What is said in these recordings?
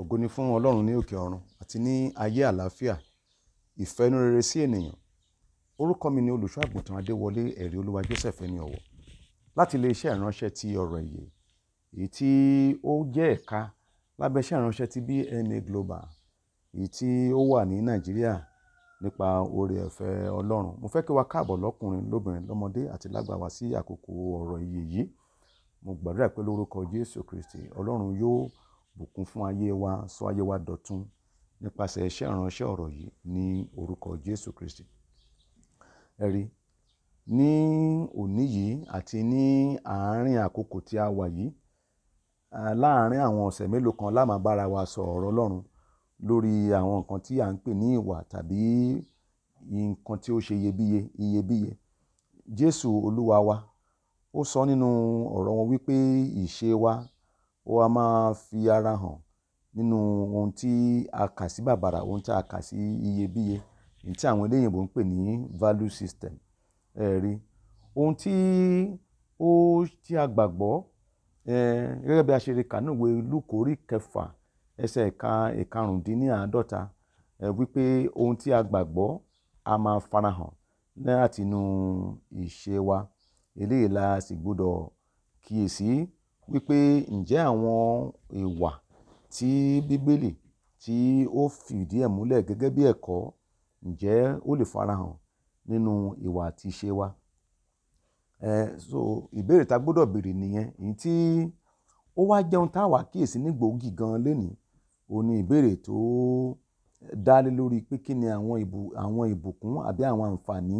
ògo ni fún ọlọ́run ní òkè ọ̀run àti ní ayé àlàáfíà ìfẹ́ inú rere sí ènìyàn orúkọ mi ni olùṣọ́ àgùntàn adéwọlé ẹ̀rí olúwa joseph ẹni ọ̀wọ̀ láti iléeṣẹ́ ìránṣẹ́ ti ọ̀rọ̀ ìyè èyí tí ó jẹ́ ẹ̀ka lábẹ́ ìránṣẹ́ ti bna global èyí tí ó wà ní nàìjíríà nípa oore ọ̀fẹ́ ọlọ́run mo fẹ́ kí wa káàbọ̀ lọ́kùnrin lóbìnrin lọ́mọdé àti lágbà sí àkókò ọ̀rọ̀ ìyè yìí mo gbàdúrà pé lórúkọ jésù kristi ọlọ́run yóò bùkún fún ayé wa sọ ayé wa dọ̀tun nípasẹ̀ iṣẹ́ ìránṣẹ́ ọ̀rọ̀ yìí ní orúkọ Jésù Kristi. Ẹ rí ní òní yìí àti ní àárín àkókò tí a wà yìí láàárín àwọn ọ̀sẹ̀ mélòó kan la máa bára wa sọ ọ̀rọ̀ Ọlọ́run lórí àwọn nǹkan tí à ń pè ní ìwà tàbí nǹkan tí ó ṣe iyebíye iyebíye Jésù Olúwa wa ó sọ nínú ọ̀rọ̀ wọn wípé ìṣe wa ó a máa fi ara hàn nínú ohun tí a kà sí bàbàrà, ohun tí a kà sí iyebíye, èyí tí àwọn eléyìnbo ń pè ní value system. Ẹ rí. Ohun tí ó tí a gbàgbọ́, eh, gẹ́gẹ́ bí a ṣe rí kà nínú ìwé Lúùkù orí kẹfà ẹsẹ̀ ẹ̀ka ìkarùndínláàdọ́ta, eh, wípé ohun tí a gbàgbọ́ a máa farahàn láti inú ìṣe wa. Eléyìí la sì gbọdọ̀ kíyèsí wípé ǹjẹ́ àwọn ìwà tí bíbélì tí ó fìdí ẹ̀ múlẹ̀ gẹ́gẹ́ bí ẹ̀kọ́ ǹjẹ́ ó lè farahàn nínú ìwà àti ìṣe wa? Eh, so ìbéèrè ta gbọ́dọ̀ béèrè nìyẹn. Èyí tí ó wá jẹ́ ohun táa wà kíyèsí ní gbòógì gan lénìí, òun ni ìbéèrè tó dá lé lórí pé kí ni àwọn ìbù, àwọn ìbùkún àbí àwọn àǹfààní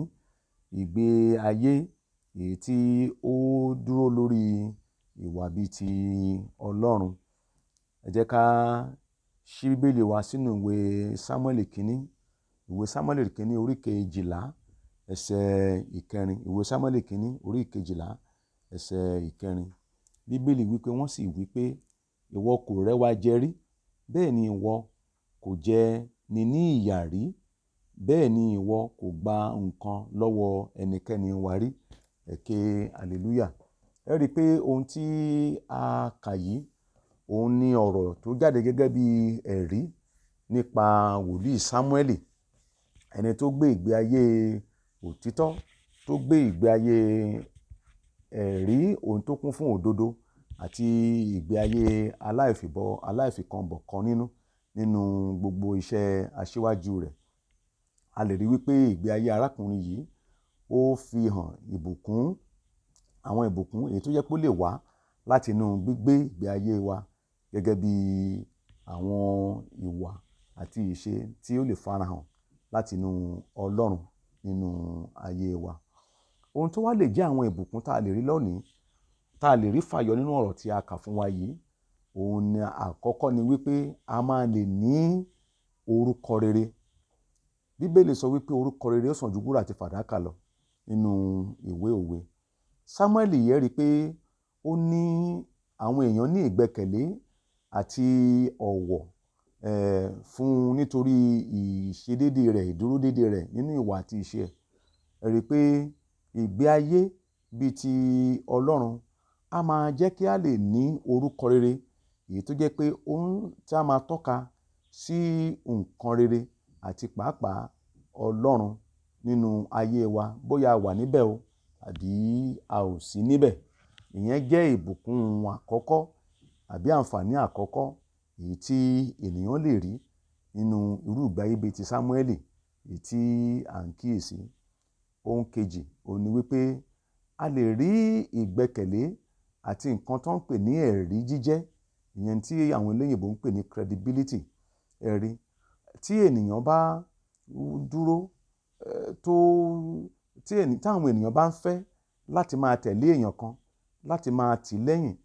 ìgbé ayé èyí tí ó dúró lórí ìwà bíi ti ọlọ́run. Ẹ jẹ́ ká ṣí bíbélì wa sínú ìwé Sámúẹ́lì kìíní, ìwé Sámúẹ́lì kìíní orí kejìlá ẹsẹ̀ ìkẹrin, ìwé Sámúẹ́lì kìíní orí kejìlá ẹsẹ̀ ìkẹrin. Bíbélì wípé wọ́n sì wípé ìwọ kò rẹ́wa jẹ rí, bẹ́ẹ̀ ni ìwọ kò jẹ ni ní ìyà rí, bẹ́ẹ̀ ni ìwọ kò gba nǹkan lọ́wọ́ ẹnikẹ́ni wa Ẹ̀kẹ́ hallelujah ẹ rí i pé ohun tí a kà yìí òun ni ọ̀rọ̀ tó jáde gẹ́gẹ́ bí ẹ̀rí nípa wòlíì Sámúẹ́lì ẹni tó gbé ìgbé ayé òtítọ́ tó gbé ìgbé ayé ẹ̀rí ohun tó kún fún òdodo àti ìgbé ayé aláìfìbọ aláìfìkanbọ̀ kan nínú nínú gbogbo iṣẹ́ aṣíwájú rẹ̀ a lè rí wípé ìgbé ayé arákùnrin yìí ó fi hàn ìbùkún àwọn ìbùkún èyí tó jẹ́ pé ó lè wá láti inú gbígbé ìgbé ayé wa gẹ́gẹ́ bí àwọn ìwà àti ìṣe tí ó lè farahàn láti inú Ọlọ́run nínú ayé wa. Ohun tó wá lè jẹ́ àwọn ìbùkún tá a lè rí lónìí, tá a lè rí fàyọ nínú ọ̀rọ̀ tí a kà fún wa yìí, òun ni àkọ́kọ́ ni wípé a máa lè ní orúkọ rere. Bíbélì sọ wípé orúkọ rere ó sàn ju wúrà àti fàdákà lọ nínú ìwé òwe samuel yẹn rí i pé ó ní àwọn èèyàn ní ìgbẹ́kẹ̀lé àti ọ̀wọ̀ um fún un nítorí ìṣedéédé rẹ̀ ìdúródédé rẹ̀ nínú ìwà àti ìṣe ẹ̀ ẹ rí i pé ìgbé ayé bíi ti ọlọ́run á máa jẹ́ kí a lè ní orúkọ rere èyí tó jẹ́ pé ohun tí a máa tọ́ka sí nǹkan rere àti pàápàá ọlọ́run nínú ayé wa bóyá a wà níbẹ̀ o àbí a ò sí níbẹ̀. Ìyẹn jẹ́ ìbùkún àkọ́kọ́ àbí àǹfààní àkọ́kọ́ èyí tí ènìyàn lè rí nínú irú ìgbé ayé bí i ti Sámúẹ́lì èyí tí à ń kíyèsi. Ohun kejì, òun ni wípé a lè rí ìgbẹ́kẹ̀lé àti nǹkan tó ń pè ní ẹ̀rí jíjẹ́. Ìyẹn tí àwọn eléyìíbo ń pè ní credibility, ẹ̀rí. Tí ènìyàn bá dúró, tó tí àwọn ènìyàn bá ń fẹ́ láti máa tẹ̀lé èèyàn kan láti máa tì lẹ́yìn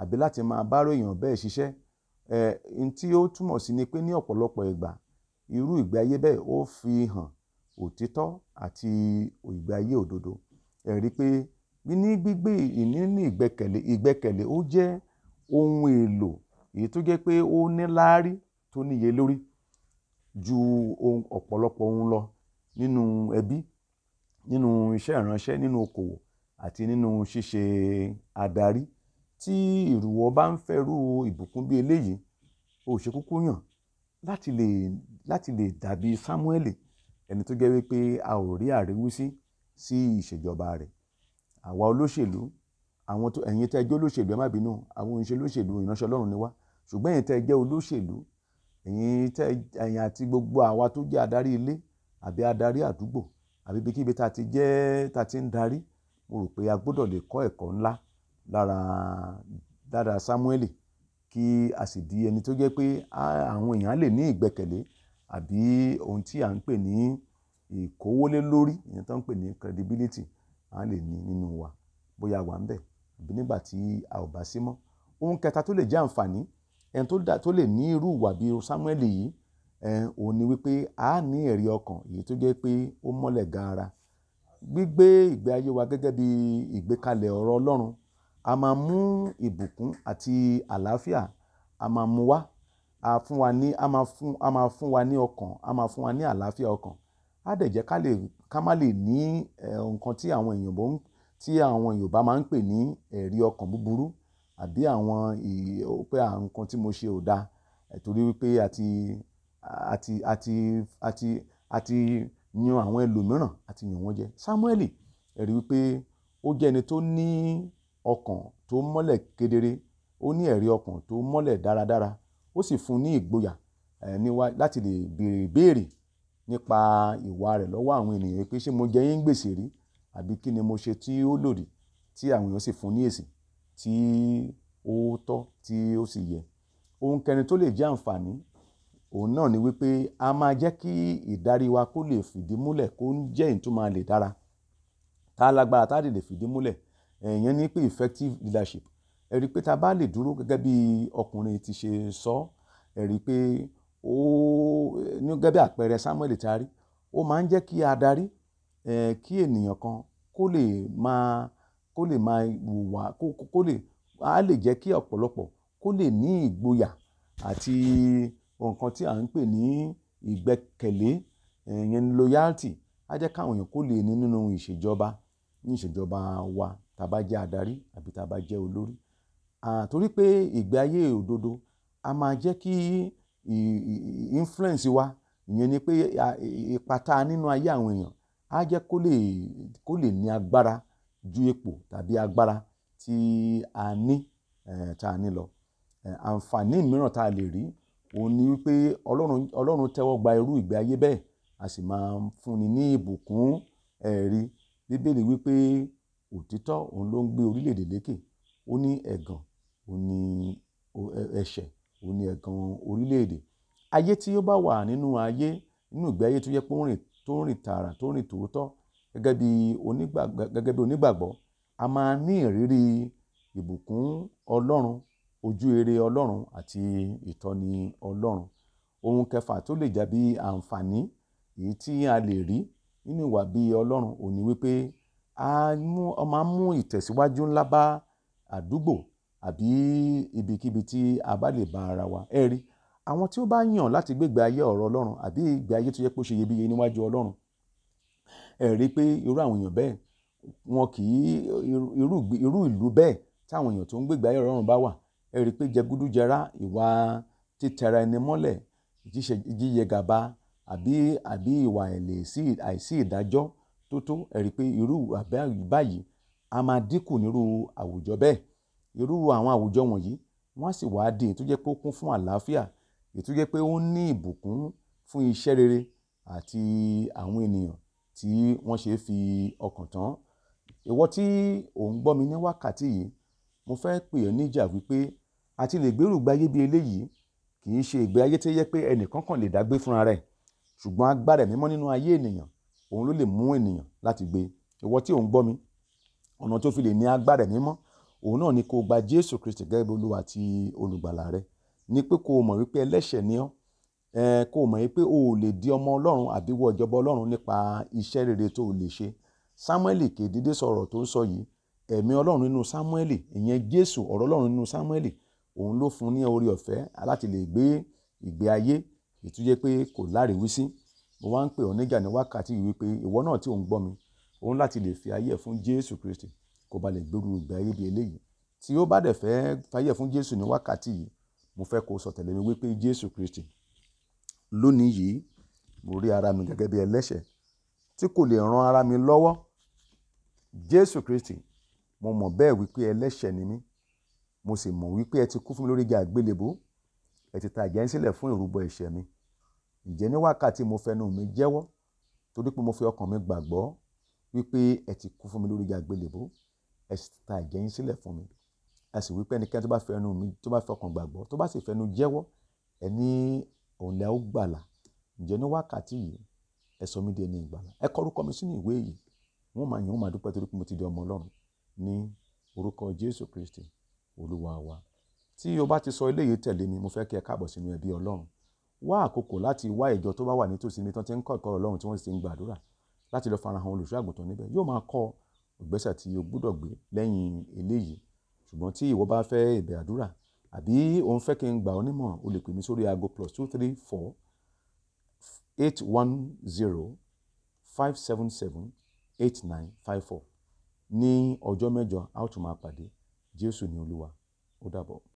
àbí láti máa bárò èèyàn bẹ́ẹ̀ ṣiṣẹ́ ẹ̀ n tí ó túmọ̀ sí ni pé ní ọ̀pọ̀lọpọ̀ ìgbà irú ìgbé ayé bẹ́ẹ̀ ó fi hàn òtítọ́ àti ìgbé ayé òdodo ẹ rí i pé níní gbígbé ìníní ìgbẹ́kẹ̀lé ìgbẹ́kẹ̀lé ó jẹ́ ohun èlò èyí tó jẹ́ pé ó níláárí tó níye lórí ju ohun ọ̀pọ̀lọpọ̀ ohun lọ nínú ẹbí nínú iṣẹ́ ìránṣẹ́ nínú okòwò àti nínú ṣíṣe adarí tí ìrùwọ bá ń fẹ́rú ìbùkún bí eléyìí o ṣe kúkú yàn láti lè láti lè dàbí sámúẹ́lì ẹni tó jẹ́ wípé a ò rí àríwísí sí ìṣèjọba rẹ̀ àwa olóṣèlú àwọn tó ẹ̀yin tẹ́ jẹ́ olóṣèlú ẹ má bínú àwọn oníṣẹ́ olóṣèlú ìránṣẹ́ Ọlọ́run ni wá ṣùgbọ́n ẹ̀yin tẹ́ jẹ́ olóṣèlú ẹ̀yin àti gbogbo àwa tó jẹ́ adarí ilé àbí adarí àdúgbò àbí ibikíbi tá a ti jẹ́ tá a ti ń darí mo rò pé a gbọ́dọ̀ lè kọ́ ẹ̀kọ́ ńlá lára lára Sámúẹ́lì kí a sì di ẹni tó jẹ́ pé àwọn èèyàn lè ní ìgbẹ́kẹ̀lé àbí ohun tí à ń pè ní ìkówólé lórí ìyẹn tó ń pè ní credibility a lè ní nínú wa bóyá wà ń bẹ̀ àbí nígbà tí a ò bá sí mọ́ ohun kẹta tó lè jẹ́ àǹfààní ẹni tó lè ní irú ìwà bíi Sámúẹ́lì yìí òun ni wípé a ní ẹ̀rí ọkàn èyí tó jẹ́ pé ó mọ́lẹ̀ gaara. Gbígbé ìgbé ayé wa gẹ́gẹ́ bí ìgbékalẹ̀ ọ̀rọ̀ Ọlọ́run, a máa mú ìbùkún àti àlàáfíà, a máa mú wá, a fún wa ní, a máa fún, a máa fún wa ní ọkàn, a máa fún wa ní àlàáfíà ọkàn. A dẹ̀ jẹ́ ká lè, ká má lè ní eh, nǹkan tí àwọn èyìnbó ń, tí àwọn Yorùbá máa ń pè ní ẹ̀rí ọkàn búburú àbí àwọn ì, pé nǹkan tí mo ṣe ò da torí wípé a ti àti àti àti àti yan àwọn ẹlòmíràn àti yàn wọ́n jẹ Sámúẹ́lì ẹ rí wípé ó jẹ́ ẹni tó ní ọkàn tó mọ́lẹ̀ kedere ó ní ẹ̀rí ọkàn tó mọ́lẹ̀ dáradára ó sì fún un ní ìgboyà níwá láti lè béèrè ìbéèrè nípa ìwà rẹ̀ lọ́wọ́ àwọn ènìyàn pé ṣé mo jẹ yín gbèsè rí àbí kí ni mo ṣe tí ó lòdì tí àwọn èèyàn sì fún un ní èsì tí ó tọ́ tí ó sì yẹ. Ohun kẹrin tó lè jẹ́ àǹfààní òun náà ni wípé a máa jẹ́ kí ìdarí wa kó lè fìdí múlẹ̀ kó jẹ́ èyí tó dára tá a lágbára tá a lè fìdí múlẹ̀ ìyẹn ni pé effective leadership ẹ rí i pé tá a bá lè dúró gẹ́gẹ́ bí ọkùnrin ti ṣe sọ ẹ rí i pé ó ní gẹ́gẹ́ bí àpẹẹrẹ Samuel tá a rí ó máa ń jẹ́ kí adarí kí ènìyàn kan kó lè máa kó lè máa wùwà kó lè á lè jẹ́ kí ọ̀pọ̀lọpọ̀ kó lè ní ìgboyà àti nǹkan tí à ń pè ní ìgbẹ́kẹ̀lé ìyẹn loyalty á jẹ́ káwọn èèyàn kó lè ní nínú ìṣèjọba ní ìṣèjọba wa tí a bá jẹ́ adarí àbí tí a bá jẹ́ olórí. Torí pé ìgbé ayé òdodo a máa jẹ́ kí influence wa, ìyẹn ni pé ipa ta nínú ayé àwọn èèyàn á jẹ́ kó lè, kó lè ní agbára ju ipò tàbí agbára tí a ní, tí a ní lọ. Àǹfààní mìíràn ta lè rí òun ni wípé ọlọ́run ọlọ́run tẹ́wọ́ gba irú ìgbé ayé bẹ́ẹ̀ a sì máa ń fúnni ní ìbùkún ẹ̀rí bíbélì wípé òtítọ́ òun ló ń gbé orílẹ̀-èdè lékè ó ní ẹ̀gàn ó ní ẹ̀ṣẹ̀ ó ní ẹ̀gàn orílẹ̀-èdè ayé tí ó bá wà nínú ayé nínú ìgbé ayé tó yẹ pé ó rìn tó rìn tààrà tó rìn tòótọ́ gẹ́gẹ́ bí onígbàgbọ́ a máa ní ìrírí ìbùkún ọlọ́run ojú rere ọlọ́run àti ìtọ́ni ọlọ́run ohun kẹfà tó lè jàbí àǹfààní èyí tí a lè rí nínú ìwà bí ọlọ́run ò ní wípé a máa ń mú ìtẹ̀síwájú ńlá bá àdúgbò àbí ibikíbi tí a bá lè bá ara wa ẹ rí àwọn tí ó bá yàn láti gbégbé ayé ọ̀rọ̀ ọlọ́run àbí ìgbé ayé tó yẹ pé ṣe iyebíye níwájú ọlọ́run ẹ rí pé irú àwọn èèyàn bẹ́ẹ̀ wọn kì í irú ìlú bẹ́ẹ̀ táwọn èèyàn tó ń gbégbé ayé ọ̀rọ̀ ọlọ́run bá wà ẹ rí i pé jẹgúdújẹrá ìwà títẹra ẹni mọ́lẹ̀ jíyẹ gàba àbí àbí ìwà àìsí ìdájọ́ tó tó ẹ i pé irú báyìí a máa dínkù nírú àwùjọ bẹ́ẹ̀ irú àwọn àwùjọ wọ̀nyí wọ́n á sì wá di èyí tó jẹ́ pé ó kún fún àlàáfíà èyí tó jẹ́ pé ó ní ìbùkún fún iṣẹ́ rere àti àwọn ènìyàn tí wọ́n ṣe fi ọkàn tán ìwọ tí ò ń gbọ́ mi ní wákàtí yìí mo fẹ́ pè ẹ́ níjà wípé àti lè gbèrú ìgbé ayé bí eléyìí kì í ṣe ìgbé ayé tó yẹ pé ẹnìkan kàn lè dágbé fúnra rẹ̀ ṣùgbọ́n agbára ẹ̀mí mímọ́ nínú ayé ènìyàn òun ló lè mú ènìyàn láti gbé ìwọ tí òun gbọ́ mi ọ̀nà tó fi lè ní agbára ẹ̀mí mímọ́ òun náà ni kó gba Jésù Kristi gẹ́gẹ́ bí Olúwa àti olùgbàlà rẹ ni pé kó mọ̀ wípé ẹlẹ́ṣẹ̀ ni ọ́ kó mọ̀ wípé o lè di ọmọ Ọlọ́run àbí ìjọba Ọlọ́run nípa iṣẹ́ rere tó lè ṣe Sámúẹ́lì kèdídé sọ̀rọ̀ tó ń sọ yìí ẹ̀mí Ọlọ́run nínú Sámúẹ́lì ìyẹn Jésù ọ̀rọ̀ Ọlọ́run nínú Sámúẹ́lì òun ló fún ní oore ọ̀fẹ́ láti lè gbé ìgbé ayé ìtújẹ́ pé kò láríwísí mo wá ń pè ọ́ níjà ní wákàtí yìí wípé ìwọ náà tí ò ń gbọ́ mi òun láti lè fi ayé ẹ̀ fún Jésù Kristi kó ba lè gbèrú ìgbé ayé bí eléyìí tí ó bá dẹ̀ fẹ́ fayé fún Jésù ní wákàtí yìí mo fẹ́ kó sọ mi wípé Jésù Kristi lónìí yìí mo rí ara mi gẹ́gẹ́ bí ẹlẹ́ṣẹ̀ tí kò lè ran ara mi lọ́wọ́ Jésù Kristi mo mọ̀ bẹ́ẹ̀ wípé ẹlẹ́ṣẹ̀ ni mí mo sì mọ̀ wípé ẹ ti kú fún mi lórí igi àgbélébó ẹ ti ta ìjẹ́ sílẹ̀ fún ìrúbọ ẹ̀ṣẹ̀ mi ǹjẹ́ ní wákàtí mo fẹnu mi jẹ́wọ́ torí pé mo fi ọkàn mi gbàgbọ́ wípé ẹ ti kú fún mi lórí igi àgbélébó ẹ sì ta ìjẹ́ sílẹ̀ fún mi ẹ sì wípé ẹnikẹ́ni tó bá fẹnu mi tó bá fọkàn gbàgbọ́ tó bá sì fẹnu jẹ́wọ́ ẹ ní òun lẹ́ ó gbàlà ǹjẹ́ ní wákàtí yìí ẹ sọ mí di ẹni ìgbàlà ẹ kọ orúkọ mi sínú ìwé yìí wọ́n máa yìn wọ́n máa dúpẹ́ torí pé mo ti di Olúwa wa. Tí o bá ti sọ eléyìí tẹ̀lé mi, mo fẹ́ kí ẹ káàbọ̀ sínú ẹbí Ọlọ́run. Wá àkókò láti wá ìjọ tó bá wà nítòsí níbi tí wọ́n ti ń kọ́ ẹ̀kọ́ Ọlọ́run tí wọ́n sì ti ń gbàdúrà láti lọ farahàn olùṣọ́ àgùntàn níbẹ̀. Yóò máa kọ́ ìgbésẹ̀ tí o gbọ́dọ̀ gbé lẹ́yìn eléyìí. Ṣùgbọ́n tí ìwọ bá fẹ́ ẹ̀bẹ̀ àdúrà àbí o ń fẹ́ kí n gbà ọ́ nímọ̀ràn, o lè pè mí sórí ago plus two three four eight one zero five seven seven eight nine five four. Ní ọjọ́ mẹ́jọ, a ó tún máa pàdé. Jésù ni Olúwa ó dàbọ̀.